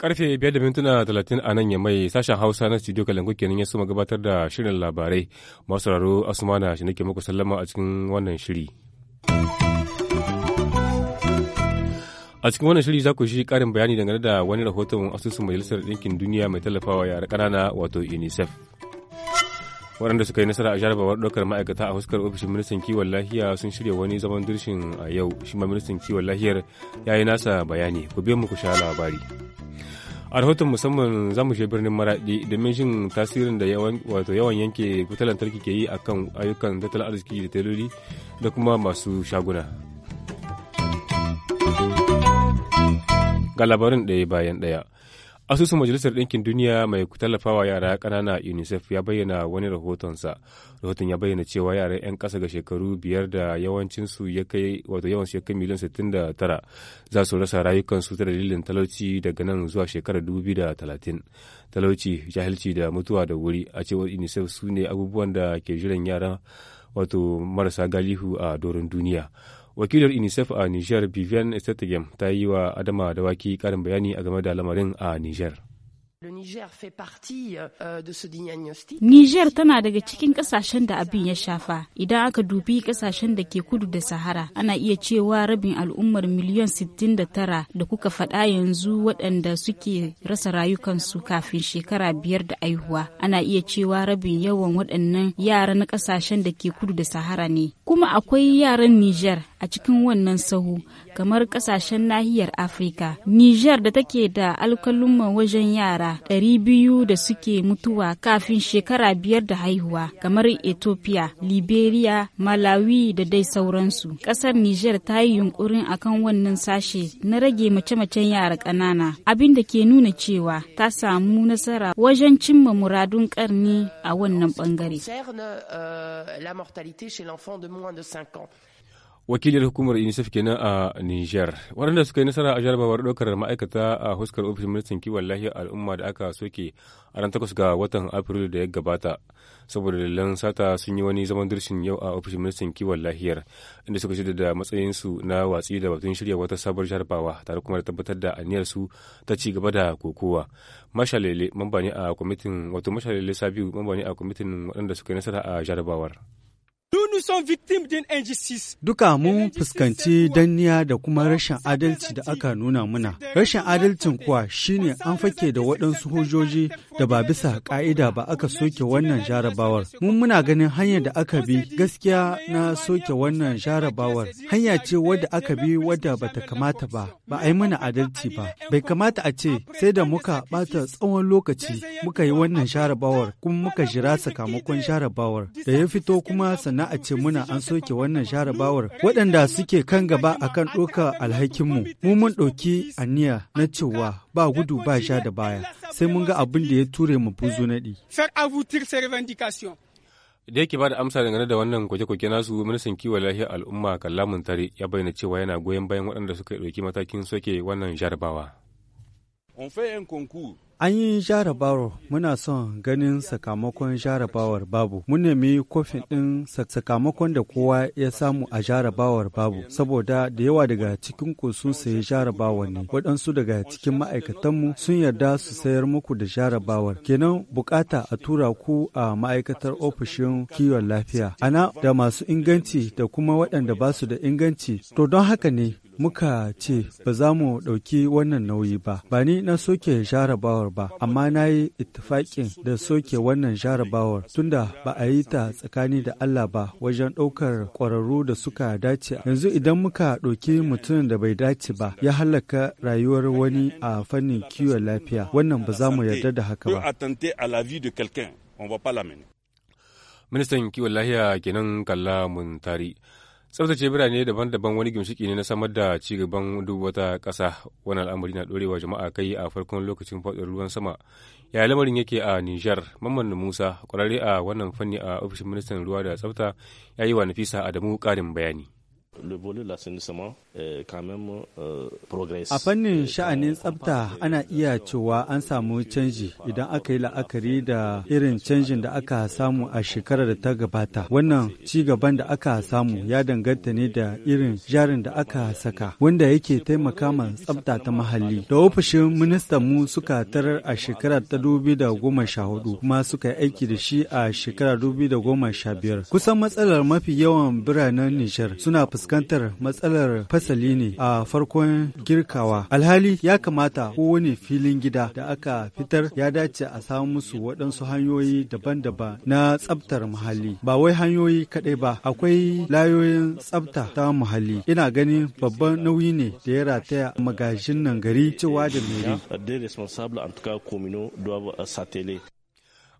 Karfe biyar da mintuna talatin a nan ya mai sashen Hausa na studio Kalangu kenan ya suma gabatar da shirin labarai. Masu sauraro Asmana shi nake muku sallama a cikin wannan shiri. A cikin wannan shirin za ku shi karin bayani dangane da wani rahoton asusun Majalisar Ɗinkin Duniya mai tallafawa yara ƙanana wato UNICEF. Waɗanda suka yi nasara a jarabawar ɗaukar ma'aikata a fuskar ofishin ministan kiwon lahiya sun shirya wani zaman dirshin a yau shi ma ministan kiwon lafiyar ya yi nasa bayani ku biyan mu ku sha labari. a rahoton musamman za mu birnin maraɗi domin shin tasirin da wato yawan yanke wutar lantarki ke yi akan ayyukan tattalin arziki da taloli da kuma masu shaguna Ga labarin ɗaya bayan ɗaya. Asusun Majalisar Ɗinkin Duniya mai tallafawa yara ƙanana UNICEF ya bayyana wani rahotonsa. Rahoton ya bayyana cewa yara 'yan ƙasa ga shekaru biyar da yawancinsu ya kai wato yawansu ya kai miliyan 69 za su rasa rayukansu ta dalilin talauci daga nan zuwa shekarar 2030. Talauci, jahilci da mutuwa da wuri a cewar UNICEF su ne abubuwan da ke jiran yara wato marasa galihu a doron duniya. wakilar unicef a niger vivian estetigem ta yi wa adama da dawaki karin bayani a game da lamarin a niger euh, Niger tana daga cikin kasashen da abin ya shafa. Idan aka dubi kasashen da ke kudu da Sahara, ana iya cewa rabin al'ummar miliyan 69 da kuka faɗa yanzu waɗanda suke rasa rayukansu kafin shekara biyar da aihuwa. Ana iya cewa rabin yawan waɗannan yara na kasashen da ke kudu da Sahara ne. Kuma akwai yaran Niger a cikin wannan sahu kamar kasashen nahiyar afirka niger da take da alkalumman wajen yara biyu da suke mutuwa kafin shekara biyar da haihuwa kamar ethiopia liberia malawi da dai sauransu kasar niger ta yi yunkurin akan wannan sashe na rage mace-macen yara ƙanana abin da ke nuna cewa ta samu nasara wajen cimma muradun karni a wannan bangare wakilin hukumar unicef kenan a niger waɗanda suka yi nasara a jarabawar ɗaukar ma'aikata a huskar ofishin ministan kiwon lafiyar al'umma da aka soke a ran takwas ga watan afrilu da ya gabata saboda dalilan sata sun yi wani zaman dirshin yau a ofishin ministan kiwon lahiyar inda suka shirya da matsayinsu na watsi da batun shirya wata sabuwar jarabawa tare kuma da tabbatar da aniyar su ta ci gaba da kokowa mashalele mambani a kwamitin wato mashalele sabiu mambani a kwamitin waɗanda suka yi nasara a jarabawar. Duka mun fuskanci danniya da kuma rashin adalci da aka nuna muna. Rashin adalcin kuwa shine an fake da waɗansu hujjoji da ba bisa ƙa'ida ba aka soke wannan jarabawar. Mun muna ganin hanyar da aka bi gaskiya na soke wannan jarabawar. Hanya ce wadda aka bi wadda bata kamata ba, ba a yi mana adalci ba. Bai kamata a ce sai da muka bata tsawon lokaci muka yi wannan jarabawar kuma muka jira sakamakon jarabawar da ya fito kuma sana'a ce ce muna an soke wannan jarabawar waɗanda suke kan gaba akan ɗaukar alhakinmu mu mun ɗauki aniya na cewa ba gudu ba sha da baya sai mun ga abin da ya ture mu buzu naɗi. da yake ba da amsa dangane da wannan koke-koke nasu ministan kiwon lafiya al'umma kallamun tare ya bayyana cewa yana goyon bayan waɗanda suka ɗauki matakin soke wannan jarabawa. On fait An yi jarabawar muna son ganin sakamakon jarabawar babu. Mun nemi kofin ɗin sakamakon da kowa ya samu a jarabawar babu, saboda da yawa daga cikin ku sun sayi jarabawar ne. Waɗansu daga cikin ma'aikatanmu sun yarda su sayar muku da jarabawar. Kenan bukata a tura ku a ma'aikatar ofishin kiwon lafiya. Ana da masu inganci da kuma waɗanda ba su da inganci. To don haka ne muka ce ba za mu ɗauki wannan nauyi ba. Ba ni na soke jarabawar ba, amma na yi ittifaƙin da soke wannan jarabawar tunda ba a yi ta tsakani da Allah ba wajen ɗaukar ƙwararru da suka dace. Yanzu idan muka ɗauki mutumin da bai dace ba ya halaka rayuwar wani a fannin kiwon lafiya wannan ba za mu yarda da haka ba. Ministan kiwon lahiya kenan kalla mun tari. tsaftace birane daban-daban wani gimshiki ne na samar da ci gaban duk wata ƙasa wani al'amari na ɗorewa jama'a kai a farkon lokacin faɗin ruwan sama ya lamarin yake a nijar mamman musa ƙwararre a wannan fanni a ofishin ministan ruwa da tsafta ya yi wa nafisa adamu ƙarin bayani Euh, a fannin sha'anin tsafta ana iya cewa an samu canji idan aka yi la'akari da irin canjin da aka samu a shekarar da ta gabata. Wannan ci gaban da aka samu ya danganta ne da irin jarin da aka saka wanda yake taimaka ma tsafta ta mahalli. Da ofishin ministan mu suka tarar a shekarar ta dubi da sha hudu kuma suka yi aiki da shi a shekarar biyar. Kusan matsalar mafi yawan biranen Nijar suna fuskantar matsalar fasali ne a farkon girkawa. Alhali ya kamata kowane filin gida da aka fitar ya dace a samu musu waɗansu hanyoyi daban-daban na tsabtar muhalli. Ba wai hanyoyi kaɗai ba, akwai layoyin tsabta ta muhalli. Ina ganin babban nauyi ne da ya rataya magajin nan gari cewa da mere. Euh,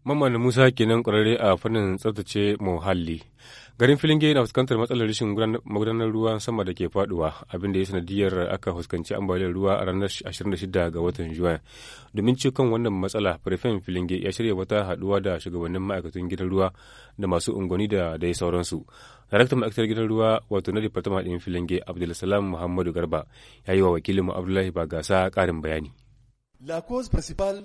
Mamman Musa kenan ƙwararre a fannin tsabtace muhalli. garin filin filinge na fuskantar matsalar rashin magudanar ruwa sama da ke faduwa abinda ya sanadiyar aka fuskanci ambaliyar ruwa a ranar 26 ga watan juwan domin cikin wannan matsala prefen filinge ya shirya wata haduwa da shugabannin ma'aikatan gidan ruwa da masu unguwanni da dai sauransu daraktan ma'aikatar gidan ruwa wato na departama ɗin filinge abdulsalam muhammadu garba ya yi wa wakilinmu abdullahi bagasa ƙarin bayani la cause principale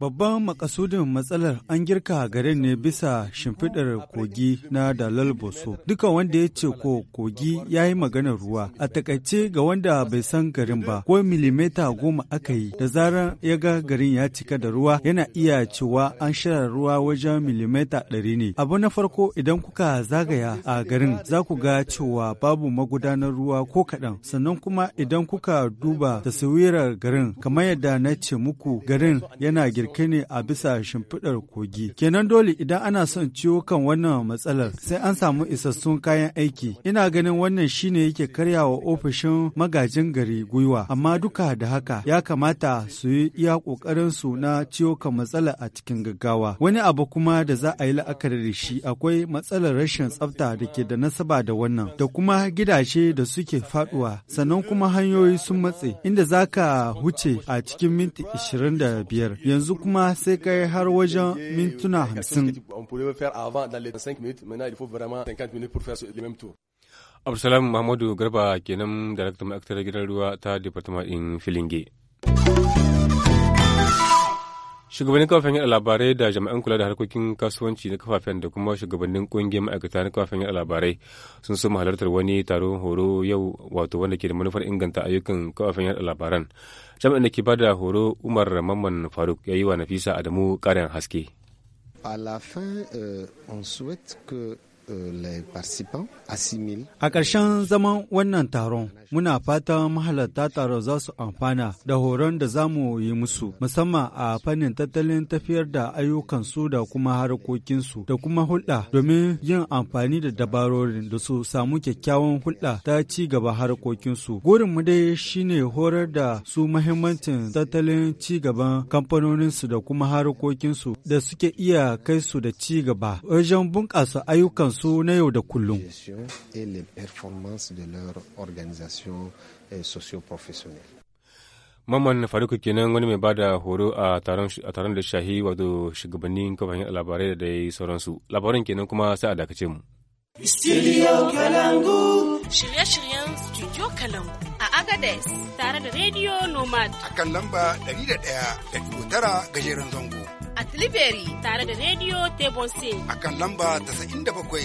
Babban makasudin matsalar an girka garin ne bisa shimfiɗar kogi na Dalal Boso. Duka wanda ya ce ko kogi ya yi maganar ruwa. A takaice ga wanda bai san garin ba, ko milimeta goma aka yi, da zarar ya ga garin ya cika da ruwa yana iya cewa an shirya ruwa wajen milimeta ɗari ne. Abu na farko idan kuka zagaya a garin za ku ga cewa babu magudanar ruwa ko kaɗan. Sannan kuma idan kuka duba taswirar tsakar garin kamar yadda na ce muku garin yana girke ne a bisa shimfiɗar kogi kenan dole idan ana son ciwo kan wannan matsalar sai an samu isassun kayan aiki ina ganin wannan shine yake karya wa ofishin magajin gari gwiwa amma duka da haka ya kamata su yi iya ƙoƙarin su na ciwo kan matsala a cikin gaggawa wani abu kuma da za a yi la'akari da shi akwai matsalar rashin tsafta da ke da nasaba da wannan da kuma gidaje da suke faɗuwa, sannan kuma hanyoyi sun matse inda zaka a wuce a cikin minti 25 yanzu kuma sai kai har wajen mintuna 50. Abdulsalam Mahmudu Garba kenan daraktan ma'aikatar gidan ruwa ta Departement ɗin Filinge. shugabannin kafafen yada labarai da jami'an kula da harkokin kasuwanci na kafafen da kuma shugabannin kungiyar ma'aikata na kafafen yada labarai sun so halartar wani taron horo yau wato wanda ke da manufar inganta ayyukan kafafen yada labaran jami'an da ke ba da horo umar mamman faruk ya yi wa nafisa adamu ƙarin haske Euh, a ƙarshen zaman wannan taron, muna fatan mahalarta taron za su amfana da horon da za mu yi musu, musamman a fannin tattalin tafiyar da ayyukansu da kuma harkokinsu da kuma hulɗa domin yin amfani da dabarorin da su samu kyakkyawan hulɗa ta ci gaba harkokinsu. mu dai ne horar da su mahimmancin tattalin ci gaban kamfanoninsu da kuma harkokinsu da suke iya kai su da ci gaba wajen bunƙasa ayyukansu su na yau da kullum. Maman euh, Faruku kenan wani mai bada horo a taron da shahi wato shugabannin kafafen labarai da dai sauransu. Labaran kenan kuma sai a dakace mu. Studio Kalangu. Shirye-shiryen Studio Kalangu. A agadez Tare da Radio Nomad. A kan lamba 100.9 gajeren zango. a Tilibiri tare da Radio tebonse. A kan lamba da bakwai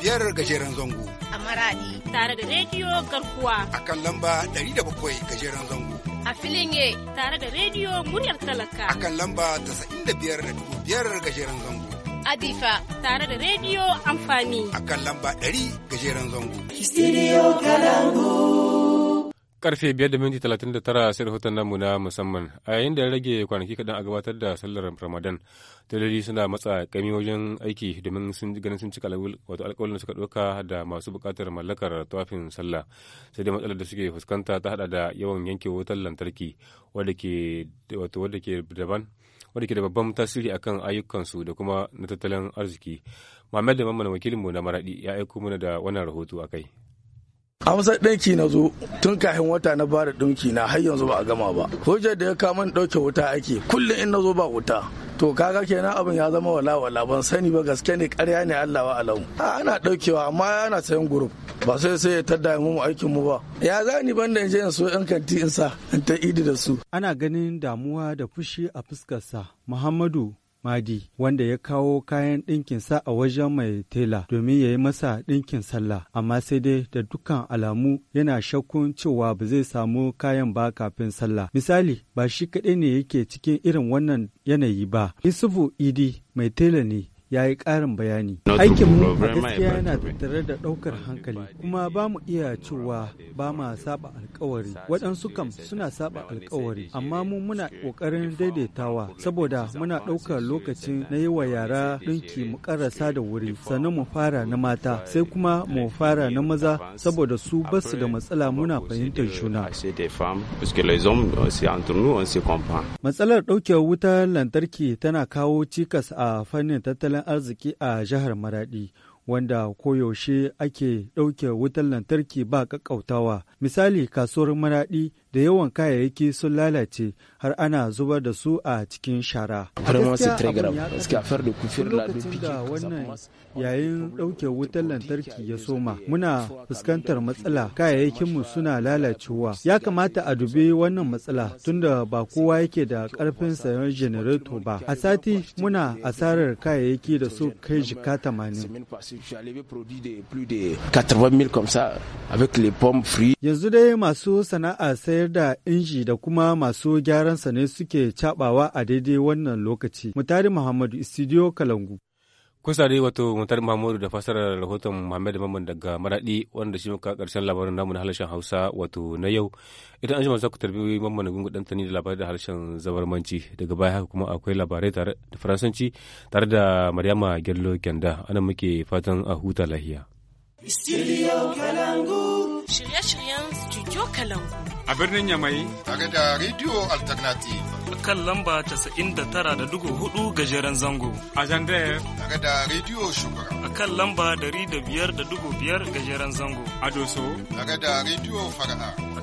biyar gajeren zango. A Maradi tare da Radio Garkuwa. A kan lamba da bakwai gajeren zango. A Filinge tare da Radio Muryar Talaka. A kan lamba da biyar biyar gajeren zango. Adifa tare da Radio Amfani. A kan lamba 100 gajeren zango. Studio Kalangu. karfe 5:39 sai rahoton namu na musamman a yayin da ya rage kwanaki kaɗan a gabatar da sallar ramadan dalili suna matsa kami wajen aiki domin sun ganin sun cika wato alkawalin da suka ɗauka da masu bukatar mallakar tawafin sallah sai dai matsalar da suke fuskanta ta hada da yawan yanke wutar lantarki wadda ke daban wadda ke da babban tasiri akan ayyukansu da kuma na tattalin arziki Muhammad da Mamman wakilinmu na maraɗi ya aiko mana da wannan rahoto a kai. amsar ɗinki na zo tun kafin wata na bada ɗinki na har yanzu ba a gama ba hujjar da ya kama ni ɗauke wuta ake kullum in na zo ba wuta to kaga kenan abin ya zama wala wala ban sani ba gaske ne ƙarya ne Allah wa alau a ana ɗaukewa amma ana sayan gurup ba sai sai ya tada mu aikin mu ba ya zani banda da je in so in kanti in sa in ta idi da su ana ganin damuwa da fushi a fuskarsa Muhammadu Madi wanda ya kawo kayan ɗinkinsa a wajen mai tela domin ya yi masa ɗinkin sallah amma sai dai da dukkan alamu yana shakkun cewa ba zai samu kayan ba kafin sallah. Misali ba shi kaɗai ne yake cikin irin wannan yanayi ba. Yusufu Idi mai tela ne ya yi ƙarin bayani. Aikinmu a gaskiya yana tattare da ɗaukar hankali kuma ba mu iya cewa ba ma saba alkawari. Waɗansu kam suna saba alkawari amma mu muna ƙoƙarin daidaitawa saboda muna ɗaukar lokacin na yi wa yara ɗinki mu ƙarasa da wuri sannan mu fara na mata sai kuma mu fara na maza saboda su basu da matsala muna fahimtar juna. Matsalar ɗaukewar wutar lantarki tana kawo cikas a fannin tattalin tattalin arziki a jihar Maradi. wanda koyaushe ake ɗauke wutar lantarki ba ƙaƙƙautawa. Misali kasuwar maraɗi da yawan kayayyaki sun lalace har ana zubar da su a cikin shara. yayin ɗauke wutar lantarki ya soma muna fuskantar matsala kayayyakinmu suna lalacewa ya kamata a dubi wannan matsala tunda ba kowa yake da ƙarfin sayan janareto ba a sati muna asarar kayayyaki da su kai jika tamanin yanzu dai masu sana'a sai sayar da inji da kuma masu gyaransa ne suke cabawa a daidai wannan lokaci. Mutari Muhammadu, Studio Kalangu. kusa dai wato Mutari muhammadu da fasarar rahoton Muhammadu mamman daga maradi wanda shi muka karshen labarin namu na harshen hausa wato na yau idan an ji za ku tarbi mamman gungun dan tani da labarai da harshen zabarmanci daga baya haka kuma akwai labarai tare da faransanci tare da maryama gello kenda anan muke fatan a huta lahiya studio kalangu shirye-shiryen studio kalangu a birnin Yamai. Tare da Radio Alternative. Kan lamba da tara da hudu gajeren zango. A Zandaya. Tare da Radio Shugaba. A kan lamba dari da biyar da biyar gajeren zango. A Doso. Tare da Radio Fara'a.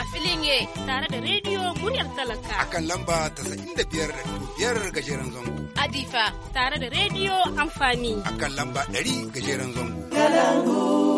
a filin ye tare da rediyo muryar talaka. A kan lamba ta da biyar da biyar gajeren zango. Adifa tare da rediyo amfani. A kan lamba ɗari gajeren zango. Galangu.